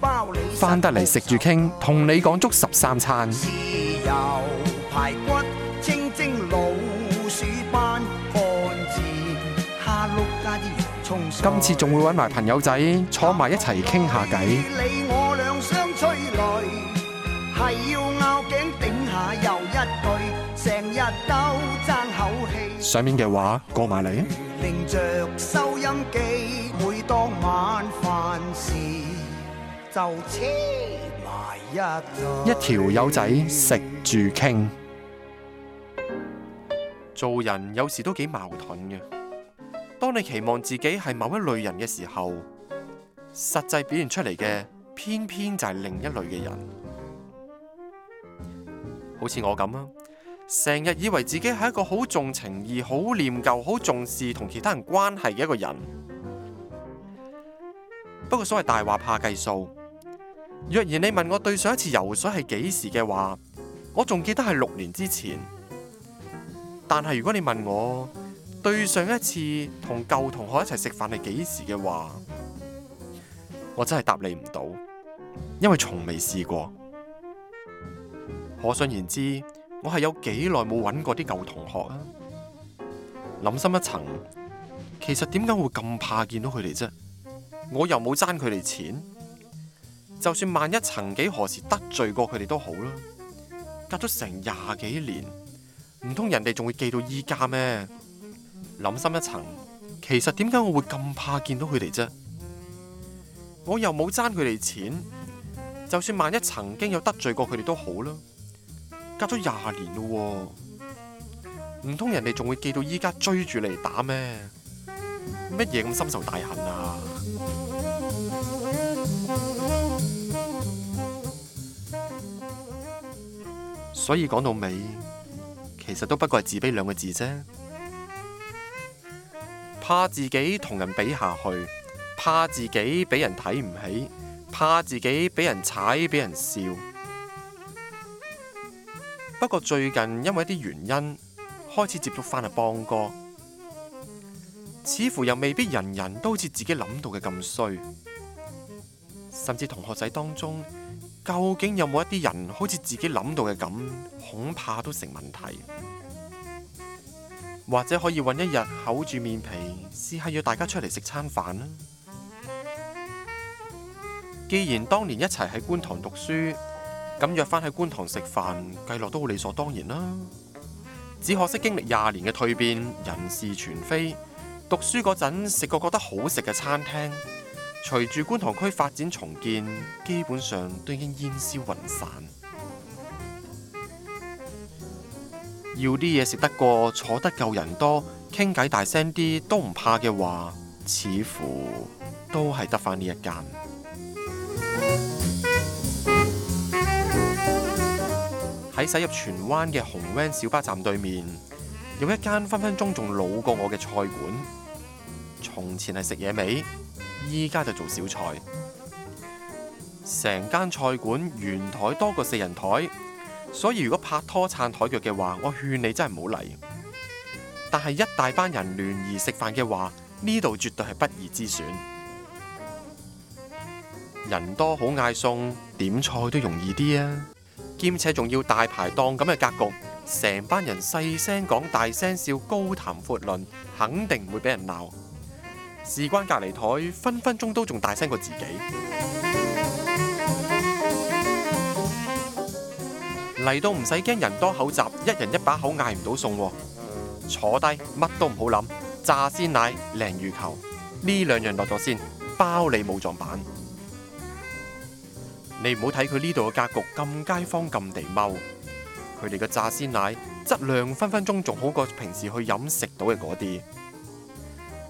包你翻得嚟食住傾，同你講足十三餐。豉油排骨，清蒸老鼠斑。今次仲會揾埋朋友仔坐埋一齊傾下偈。上面嘅話過埋嚟。着收音機，每當晚飯時，就黐埋一條友仔食住傾，做人有時都幾矛盾嘅。當你期望自己係某一類人嘅時候，實際表現出嚟嘅偏偏就係另一類嘅人，好似我咁啊。成日以為自己係一個好重情義、好念舊、好重視同其他人關係嘅一個人。不過所謂大話怕計數，若然你問我對上一次游水係幾時嘅話，我仲記得係六年之前。但係如果你問我對上一次同舊同學一齊食飯係幾時嘅話，我真係答你唔到，因為從未試過。可想而知。我係有幾耐冇搵過啲舊同學啊？諗深一層，其實點解會咁怕見到佢哋啫？我又冇爭佢哋錢，就算萬一曾幾何時得罪過佢哋都好啦。隔咗成廿幾年，唔通人哋仲會記到依家咩？諗深一層，其實點解我會咁怕見到佢哋啫？我又冇爭佢哋錢，就算萬一曾經有得罪過佢哋都好啦。隔咗廿年咯，唔通人哋仲會記到依家追住嚟打咩？乜嘢咁深仇大恨啊？所以講到尾，其實都不過係自卑兩個字啫。怕自己同人比下去，怕自己俾人睇唔起，怕自己俾人踩，俾人笑。不過最近因為一啲原因，開始接觸翻阿邦哥，似乎又未必人人都好似自己諗到嘅咁衰。甚至同學仔當中，究竟有冇一啲人好似自己諗到嘅咁，恐怕都成問題。或者可以揾一日厚住面皮，試下約大家出嚟食餐飯啦。既然當年一齊喺觀塘讀書。咁約翻去觀塘食飯，計落都好理所當然啦。只可惜經歷廿年嘅蛻變，人事全非。讀書嗰陣食過覺得好食嘅餐廳，隨住觀塘區發展重建，基本上都已經煙消雲散。要啲嘢食得過，坐得夠人多，傾偈大聲啲都唔怕嘅話，似乎都係得翻呢一間。喺㷫入荃灣嘅紅 van 小巴站對面，有一間分分鐘仲老過我嘅菜館。從前係食野味，依家就做小菜。成間菜館圓台多過四人台，所以如果拍拖撐台腳嘅話，我勸你真係唔好嚟。但係一大班人聯誼食飯嘅話，呢度絕對係不二之選。人多好嗌餸，點菜都容易啲啊！兼且仲要大排檔咁嘅格局，成班人細聲講大聲笑，高談闊論，肯定唔會俾人鬧。事關隔離台，分分鐘都仲大聲過自己。嚟 到唔使驚人多口雜，一人一把口嗌唔到餸。坐低乜都唔好諗，炸鮮奶、鯪魚球，呢兩樣落咗先，包你冇撞板。你唔好睇佢呢度嘅格局咁街坊咁地踎，佢哋嘅炸鮮奶質量分分鐘仲好過平時去飲食到嘅嗰啲。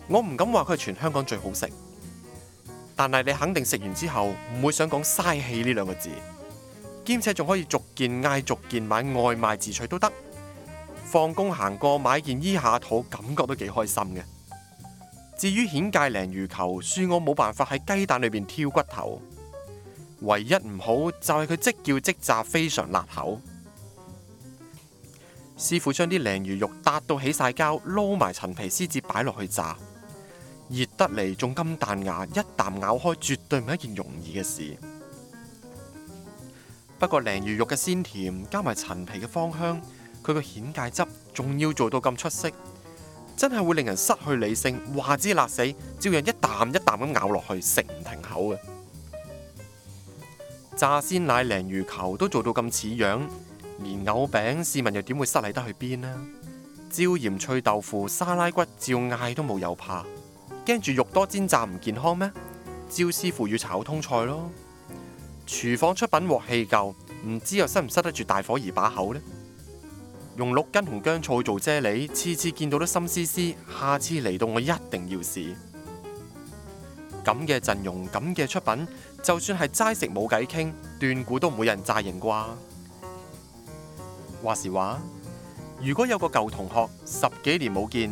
我唔敢話佢係全香港最好食，但係你肯定食完之後唔會想講嘥氣呢兩個字，兼且仲可以逐件嗌，逐件買外賣自取都得。放工行過買件衣下肚，感覺都幾開心嘅。至於顯介鯪魚球，恕我冇辦法喺雞蛋裏邊挑骨頭。唯一唔好就係、是、佢即叫即炸非常辣口。師傅將啲鯪魚肉搭到起晒膠，撈埋陳皮絲，至擺落去炸，熱得嚟仲咁彈牙，一啖咬開絕對唔係一件容易嘅事。不過鯪魚肉嘅鮮甜加埋陳皮嘅芳香，佢個蜆芥汁仲要做到咁出色，真係會令人失去理性，話之辣死，照樣一啖一啖咁咬落去食唔停口嘅。炸鮮奶、鯪魚球都做到咁似樣，連藕餅，市民又點會失禮得去邊呢？椒鹽脆豆腐、沙拉骨，照嗌，都冇有有怕，驚住肉多煎炸唔健康咩？焦師傅要炒通菜咯，廚房出品鑊氣夠，唔知又塞唔塞得住大火而把口呢？用六根紅薑醋做啫喱，次次見到都心思思，下次嚟到我一定要試。咁嘅陣容，咁嘅出品。就算係齋食冇偈傾，斷估都冇人詐認啩。話時話，如果有個舊同學十幾年冇見，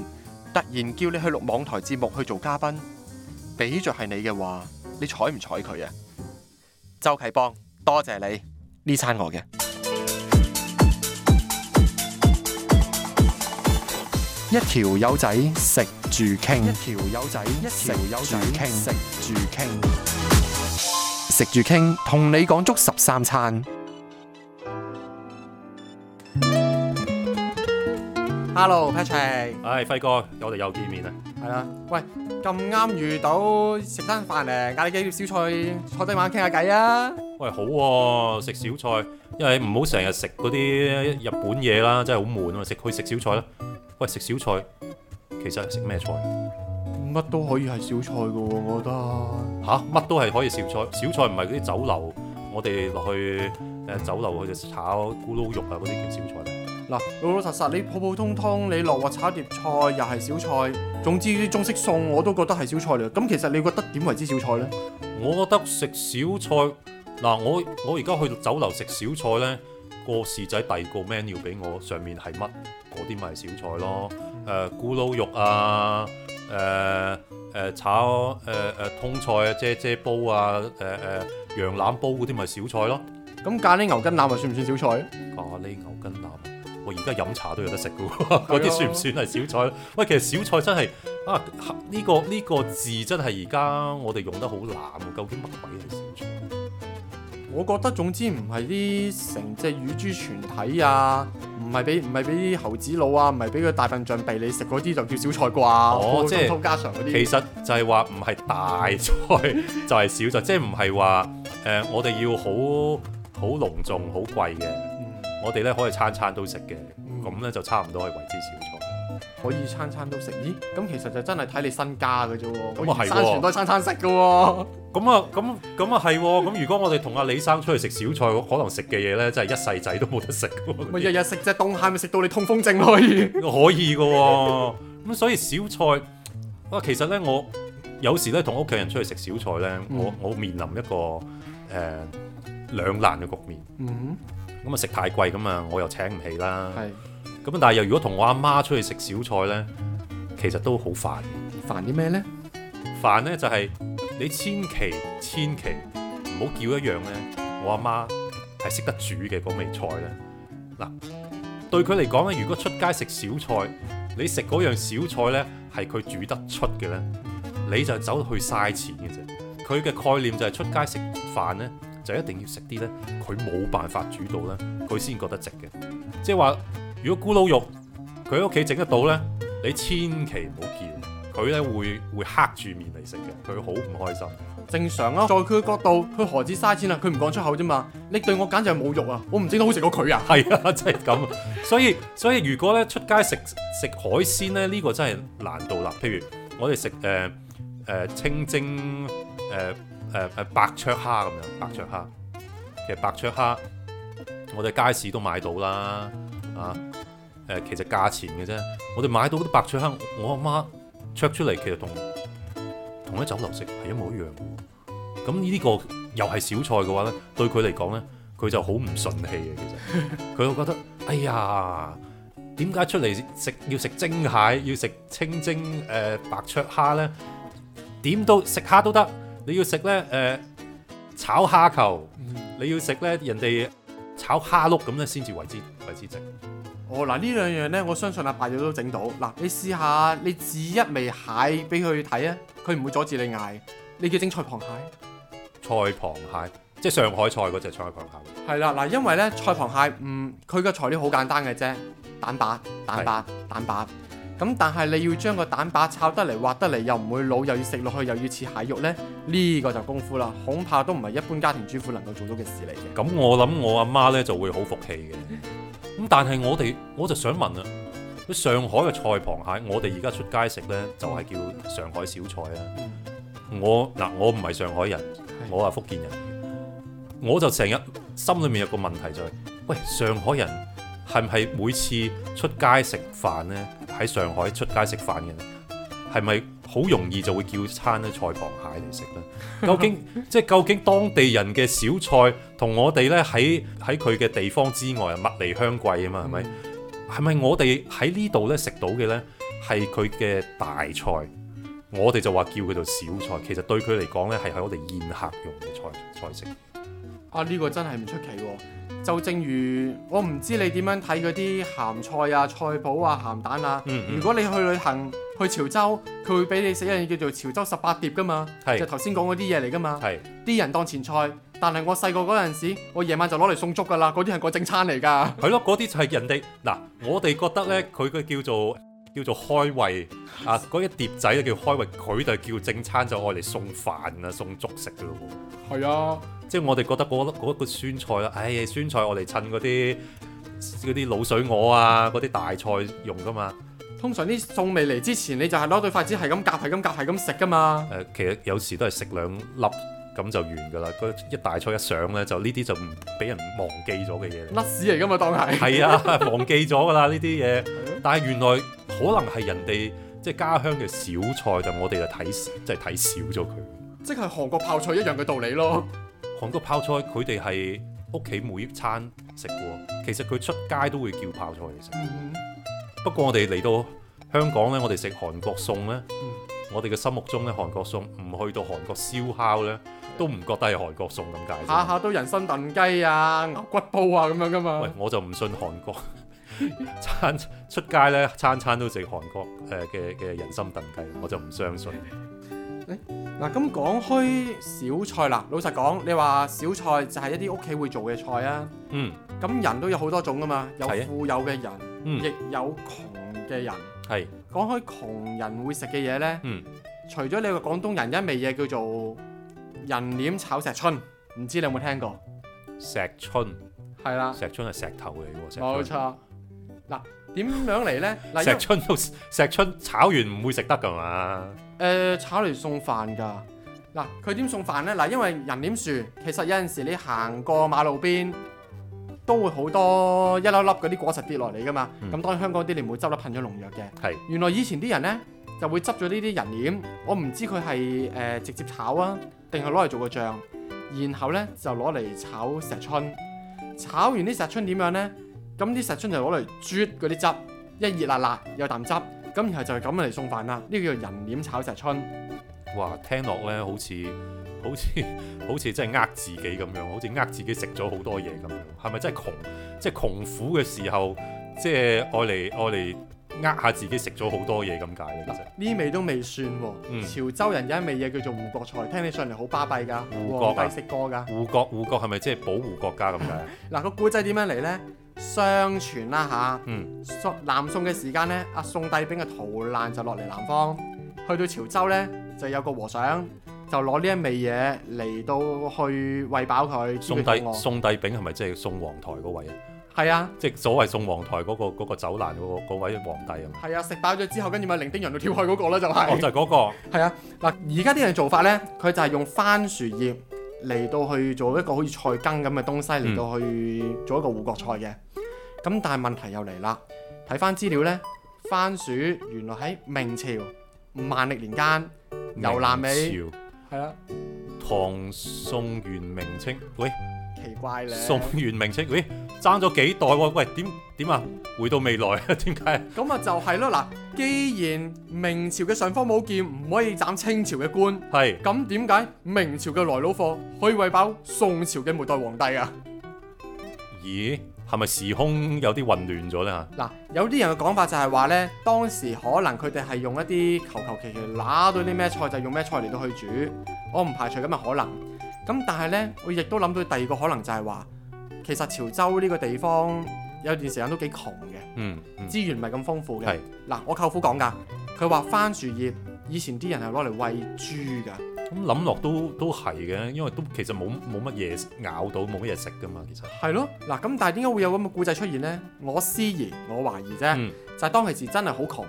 突然叫你去錄網台節目去做嘉賓，比着係你嘅話，你睬唔睬佢啊？周啟邦，多謝你呢餐我嘅。一條友仔食住傾，一條友仔食住傾，食住傾。食住傾，同你講足十三餐。Hello，Patrick。哎，輝哥，我哋又見面啦。係啦，喂，咁啱遇到食餐飯咧，嗌你幾碟小菜，坐低慢慢傾下偈啊。喂，好喎，食小菜，因為唔好成日食嗰啲日本嘢啦，真係好悶啊！食去食小菜啦。喂，食小菜，其實係食咩菜？乜都可以係小菜嘅喎，我覺得。吓、啊，乜都係可以小菜。小菜唔係嗰啲酒樓，我哋落去誒、呃、酒樓去就炒咕嚕肉啊嗰啲叫小菜。嗱，老老實實，你普普通通你落鑊炒碟菜又係小菜。總之啲中式餸我都覺得係小菜嚟。咁其實你覺得點為之小菜呢？我覺得食小菜嗱、呃，我我而家去酒樓食小菜呢，個侍仔遞個 menu 俾我，上面係乜嗰啲咪小菜咯？誒、嗯呃，咕嚕肉啊！誒誒、呃呃、炒誒誒、呃、通菜啊，啫啫煲啊，誒、呃、誒、呃、羊腩煲嗰啲咪小菜咯。咁咖喱牛筋腩係算唔算小菜？咖喱牛筋腩，我而家飲茶都有得食噶喎，嗰 啲是、啊、算唔算係小菜？ 喂，其實小菜真係啊，呢、這個呢、這個字真係而家我哋用得好濫，究竟乜鬼係小菜？我覺得總之唔係啲成隻乳豬全體啊。唔係俾唔係俾啲猴子佬啊，唔係俾佢大笨象俾你食嗰啲就叫小菜啩。哦，即係通家常啲，其實就係話唔係大菜， 就係小菜，即係唔係話誒我哋要好好隆重、好貴嘅，嗯、我哋咧，可以餐餐都食嘅，咁咧、嗯、就差唔多係為之小菜。可以餐餐都食，咦？咁、嗯、其實就真係睇你身家嘅啫，咁啊係，生存都餐餐食嘅喎。咁啊、嗯，咁咁啊係，咁 如果我哋同阿李生出去食小菜，可能食嘅嘢咧，真係一世仔都冇得食嘅。咪日日食隻凍蟹，咪食到你痛風症可以、嗯，可以嘅、啊。咁、嗯、所以小菜啊，其實咧我有時咧同屋企人出去食小菜咧，我我面臨一個誒兩、呃、難嘅局面。嗯，咁啊食太貴咁啊，我又請唔起啦。係。 咁但係又如果同我阿媽出去食小菜呢，其實都好煩。煩啲咩呢？煩呢就係你千祈千祈唔好叫一樣呢。我阿媽係識得煮嘅嗰味菜呢。嗱，對佢嚟講呢，如果出街食小菜，你食嗰樣小菜呢係佢煮得出嘅呢，你就走去嘥錢嘅啫。佢嘅概念就係出街食飯呢，就一定要食啲呢，佢冇辦法煮到呢，佢先覺得值嘅，即係話。如果咕嚕肉佢喺屋企整得到咧，你千祈唔好叫佢咧，會會黑住面嚟食嘅，佢好唔開心。正常咯、啊，在佢嘅角度，佢何止嘥錢啊？佢唔講出口啫嘛。你對我簡直係侮辱啊！我唔整得好食過佢啊。係 啊，真係咁。所以所以如果咧出街食食海鮮咧，呢、這個真係難度啦。譬如我哋食誒誒清蒸誒誒、呃呃、白灼蝦咁樣，白灼蝦其實白灼蝦我哋街市都買到啦。啊，誒、呃，其實價錢嘅啫，我哋買到啲白灼蝦，我阿媽灼出嚟，其實同同一酒樓食係一模一樣嘅。咁呢個又係小菜嘅話咧，對佢嚟講咧，佢就好唔順氣嘅。其實佢 會覺得，哎呀，點解出嚟食要食蒸蟹，要食清蒸誒、呃、白灼蝦咧？點都食蝦都得，你要食咧誒炒蝦球，你要食咧人哋炒蝦碌咁咧先至為之。哦，嗱呢兩樣呢，我相信阿爸仔都整到。嗱，你試下你指一味蟹俾佢睇啊，佢唔會阻止你嗌。你叫蒸菜螃蟹。菜螃蟹，即係上海菜嗰隻菜螃蟹。係啦，嗱，因為呢，哦、菜螃蟹，嗯，佢嘅材料好簡單嘅啫，蛋白、蛋白、是蛋白。咁但係你要將個蛋白炒得嚟、滑得嚟，又唔會老，又要食落去又要似蟹肉呢，呢、呢個就功夫啦。恐怕都唔係一般家庭主婦能夠做到嘅事嚟嘅。咁我諗我阿媽呢就會好服氣嘅。咁但係我哋我就想問啊，上海嘅菜螃蟹，我哋而家出街食呢，就係叫上海小菜啊。我嗱我唔係上海人，我係福建人，我就成日心裏面有個問題就係，喂上海人係唔係每次出街食飯呢？喺上海出街食飯嘅？係咪好容易就會叫餐啲菜螃蟹嚟食咧？究竟 即係究竟當地人嘅小菜同我哋咧喺喺佢嘅地方之外啊物離鄉貴啊嘛係咪？係咪、嗯、我哋喺呢度咧食到嘅咧係佢嘅大菜，我哋就話叫佢做小菜。其實對佢嚟講咧係喺我哋宴客用嘅菜菜式。啊呢、呢個真係唔出奇喎、哦，就正如，我唔知你點樣睇嗰啲鹹菜啊、菜脯啊、鹹蛋啊。嗯嗯如果你去旅行，嗯去潮州，佢會俾你食一樣叫做潮州十八碟噶嘛，是就頭先講嗰啲嘢嚟噶嘛。啲是人當前菜，但係我細個嗰陣時，時，我夜晚就攞嚟送粥噶啦，嗰啲係個正餐嚟噶。係咯，嗰啲就係人哋嗱，我哋覺得咧，佢嘅叫做叫做開胃 啊，嗰一碟仔叫開胃，佢就叫正餐就愛嚟送飯啊、送粥食噶咯。係啊，即係我哋覺得嗰、嗰個嗰個酸菜啦，哎酸菜我嚟襯嗰啲嗰啲鹵水鵝啊，嗰啲大菜用噶嘛。通常啲餸未嚟之前，你就係攞對筷子係咁夾，係咁夾，係咁食㗎嘛？誒、呃，其實有時都係食兩粒咁就完㗎啦。一大菜一上咧，就呢啲就唔俾人忘記咗嘅嘢。垃圾嚟㗎嘛，當係。係啊，忘記咗㗎啦呢啲嘢。但係原來可能係人哋即係家鄉嘅小菜，我就我哋就睇、是、即係睇少咗佢。即係韓國泡菜一樣嘅道理咯、嗯。韓國泡菜佢哋係屋企每一餐食嘅，其實佢出街都會叫泡菜嚟食。嗯。不過我哋嚟到香港呢，我哋食韓國餸咧，嗯、我哋嘅心目中呢，韓國餸唔去到韓國燒烤呢，都唔覺得係韓國餸咁解。下下都人參燉雞啊、牛骨煲啊咁樣噶嘛喂。我就唔信韓國餐 出街呢餐餐都食韓國誒嘅嘅人參燉雞，我就唔相信。嗱，咁講開小菜啦，老實講，你話小菜就係一啲屋企會做嘅菜啊。嗯。咁人都有好多種噶嘛，有富有嘅人。嗯、亦有窮嘅人，係是講開窮人會食嘅嘢咧，嗯、除咗你個廣東人一味嘢叫做人臉炒石春，唔知你有冇聽過？石春係啦石春石，石春係石頭嚟嘅喎，冇錯。嗱，點樣嚟呢？ 石春都石春炒完唔會食得㗎嘛？誒、呃，炒嚟送飯㗎。嗱，佢點送飯呢？嗱，因為人臉樹，其實有陣時你行過馬路邊，都會好多一粒粒嗰啲果實跌落嚟噶嘛，咁，嗯，當然香港啲你唔會執粒噴咗農藥嘅。係。原來以前啲人呢就會執咗呢啲人臉，我唔知佢係誒直接炒啊，定係攞嚟做個醬，然後呢就攞嚟炒石春。炒完啲石春點樣呢？咁啲石春就攞嚟啜嗰啲汁，一熱辣辣又啖汁，咁然後就係咁嚟送飯啦。呢個叫人臉炒石春。哇，聽落呢好似～好似好似真係呃自己咁樣，好似呃自己食咗好多嘢咁樣，係咪真係窮？即係窮苦嘅時候，即係愛嚟愛嚟呃下自己食咗好多嘢咁解咧？呢、啊、味都未算喎、哦，嗯、潮州人有一味嘢叫做護國菜，聽起上嚟好巴閉㗎。我係食過㗎。護國護國係咪即係保護國家咁解啊？嗱個古仔點樣嚟呢？相傳啦、啊、嚇，啊嗯、南宋嘅時間呢，阿宋帝兵嘅逃難就落嚟南方，去到潮州呢，就有個和尚。就攞呢一味嘢嚟到去餵飽佢。宋帝宋帝昺係咪即係宋皇台嗰位啊？係啊，即係所謂宋皇台嗰、嗰個走難嗰位皇帝啊。係啊，食飽咗之後，跟住咪零丁洋度跳去嗰個咧就係。就係、係、嗰、哦就係嗰個。係 啊，嗱，而家啲人做法呢，佢就係用番薯葉嚟到去做一個好似菜羹咁嘅東西嚟到去做一個護國菜嘅。咁、嗯、但係問題又嚟啦，睇翻資料呢，番薯原來喺明朝萬歷年間由南美。係啦，唐宋元明清喂，奇怪咧，宋元明清喂，爭咗幾代喎，喂，點點啊？回到未來啊？點解？咁啊就係咯，嗱，既然明朝嘅尚方寶劍唔可以斬清朝嘅官，係是，咁點解明朝嘅來佬貨可以餵飽宋朝嘅末代皇帝啊？咦？Yeah? 係咪時空有啲混亂咗呢？嗱，有啲人嘅講法就係話呢，當時可能佢哋係用一啲求求其其攞到啲咩菜、嗯、就用咩菜嚟到去煮，我唔排除咁嘅可能。咁但係呢，我亦都諗到第二個可能就係話，其實潮州呢個地方有段時間都幾窮嘅、嗯，嗯，資源唔係咁豐富嘅。嗱係，我舅父講㗎，佢話番薯葉以前啲人係攞嚟餵豬㗎。咁諗落都都係嘅，因為都其實冇冇乜嘢咬到，冇乜嘢食噶嘛，其實係咯。嗱咁，但係點解會有咁嘅故仔出現呢？我思疑，我懷疑啫，嗯、就係當其時真係好窮，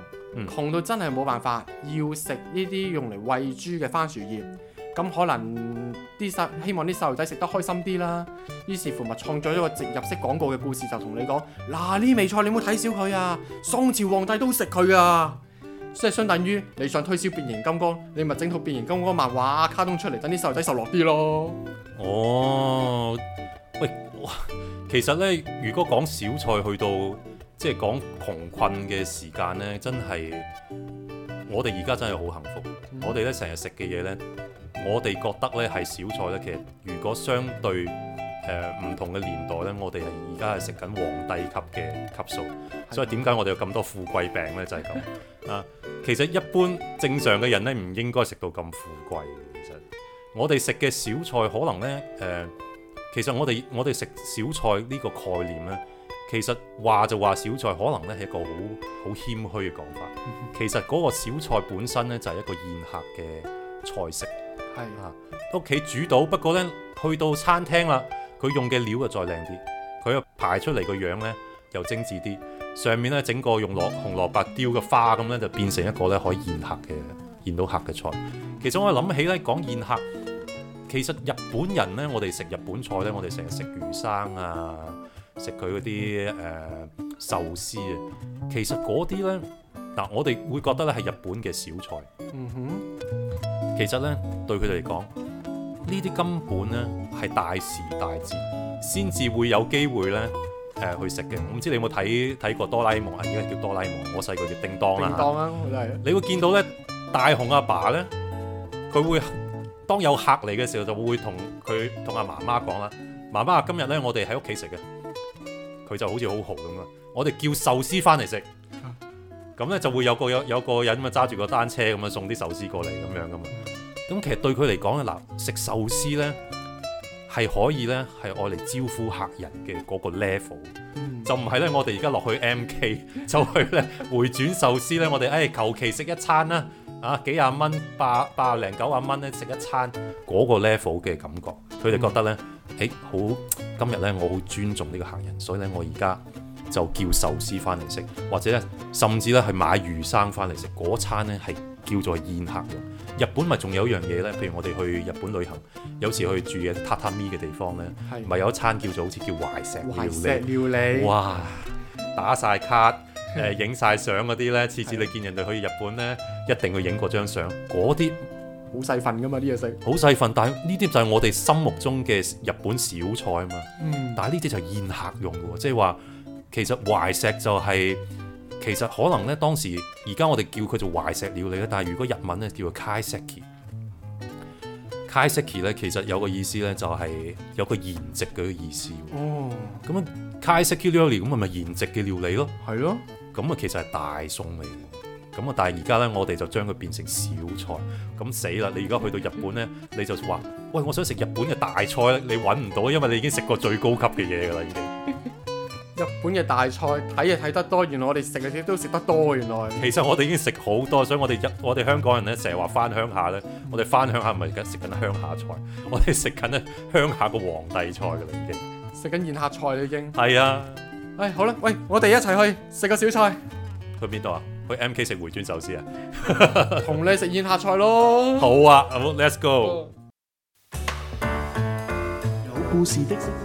窮到真係冇辦法要食呢啲用嚟餵豬嘅番薯葉，咁、嗯嗯、可能啲細希望啲細路仔食得開心啲啦，於是乎咪創造咗個植入式廣告嘅故事就，就同你講嗱，呢味菜你唔好睇小佢啊，宋朝皇帝都食佢啊！即係相等於你想推銷變形金剛，你咪整套變形金剛漫畫、卡通出嚟，等啲細路仔受落啲咯。哦，喂，其實呢，如果講小菜去到，即係講窮困嘅時間呢，真係，我哋而家真係好幸福。嗯、我哋呢成日食嘅嘢呢，我哋覺得呢係小菜呢。其實如果相對誒唔、呃、同嘅年代呢，我哋係而家係食緊皇帝級嘅級數，的所以點解我哋有咁多富貴病呢？就係、是、咁。 啊，其實一般正常嘅人咧，唔應該食到咁富貴嘅。其實我哋食嘅小菜可能咧，誒、呃，其實我哋我哋食小菜呢個概念咧，其實話就話小菜可能咧係一個好好謙虛嘅講法。 其實嗰個小菜本身咧就係、是、一個宴客嘅菜式，係 啊，屋企煮到，不過咧去到餐廳啦，佢用嘅料又再靚啲，佢又排出嚟個樣咧又精緻啲。上面咧整個用蘿紅蘿蔔雕嘅花咁咧，就變成一個咧可以宴客嘅宴到客嘅菜。其實我諗起咧講宴客，其實日本人咧，我哋食日本菜咧，我哋成日食魚生啊，食佢嗰啲誒壽司啊。其實嗰啲咧嗱，我哋會覺得咧係日本嘅小菜。嗯哼，其實咧對佢哋嚟講，呢啲根本咧係大時大節，先至會有機會咧。誒去食嘅、啊，我唔知你有冇睇睇過哆啦 A 夢啊，依家叫哆啦 A 夢，我細個叫叮當啦叮當啦，你會見到咧，大雄阿爸咧，佢會當有客嚟嘅時候，就會同佢同阿媽媽講啦。媽媽今日咧，我哋喺屋企食嘅，佢就好似好豪咁啊！我哋叫壽司翻嚟食，咁咧就會有個有有個人咪揸住個單車咁啊送啲壽司過嚟咁樣噶嘛。咁其實對佢嚟講啊，嗱食壽司咧。係可以呢，係我嚟招呼客人嘅嗰個 level、嗯、就唔係呢。我哋而家落去 MK 就去呢回轉壽司呢。我哋唉求其食一餐啦，啊幾廿蚊百百零九十蚊呢，食一餐嗰個 level 嘅感覺，佢哋覺得呢，誒、嗯、哎、好今日呢，我好尊重呢個客人，所以呢，我而家就叫壽司翻嚟食，或者呢，甚至呢，係買魚生翻嚟食嗰餐呢，係叫做宴客用。日本咪仲有一樣嘢咧？譬如我哋去日本旅行，有時去住嘅榻榻米嘅地方咧，咪的有一餐叫做好似叫懷石料理，石料理哇！打晒卡，誒、呃，影晒相嗰啲咧，次次你見人哋去日本咧， 一定會影過張相。嗰啲好細份噶嘛，啲嘢食。好細份，但係呢啲就係我哋心目中嘅日本小菜啊嘛。嗯。但係呢啲就係宴客用喎，即係話其實懷石就係、是。其實可能咧，當時而家我哋叫佢做懷石料理咧，但係如果日文咧叫做 kaiseki，kaiseki 咧其實有個意思咧就係、是、有個宴席嘅意思。哦，咁啊 kaiseki 料理咁咪咪宴席嘅料理咯。係咯、啊，咁啊其實係大餸嚟，咁啊但係而家咧我哋就將佢變成小菜，咁死啦！你而家去到日本咧，你就話喂，我想食日本嘅大菜咧，你揾唔到，因為你已經食過最高級嘅嘢噶啦已經。日本嘅大菜睇嘢睇得多，原來我哋食嘅嘢都食得多原來。其實我哋已經食好多，所以我哋我哋香港人咧成日話翻鄉下咧，嗯、我哋翻鄉下唔係食緊鄉下菜，我哋食緊咧鄉下嘅皇帝菜嘅啦已經。食緊宴客菜啦已經。係是啊，哎，哎好啦，喂，我哋一齊去食個小菜。去邊度啊？去 MK 食回轉壽司啊？同 你食宴客菜咯。好啊，Let's go。 好 有故事的。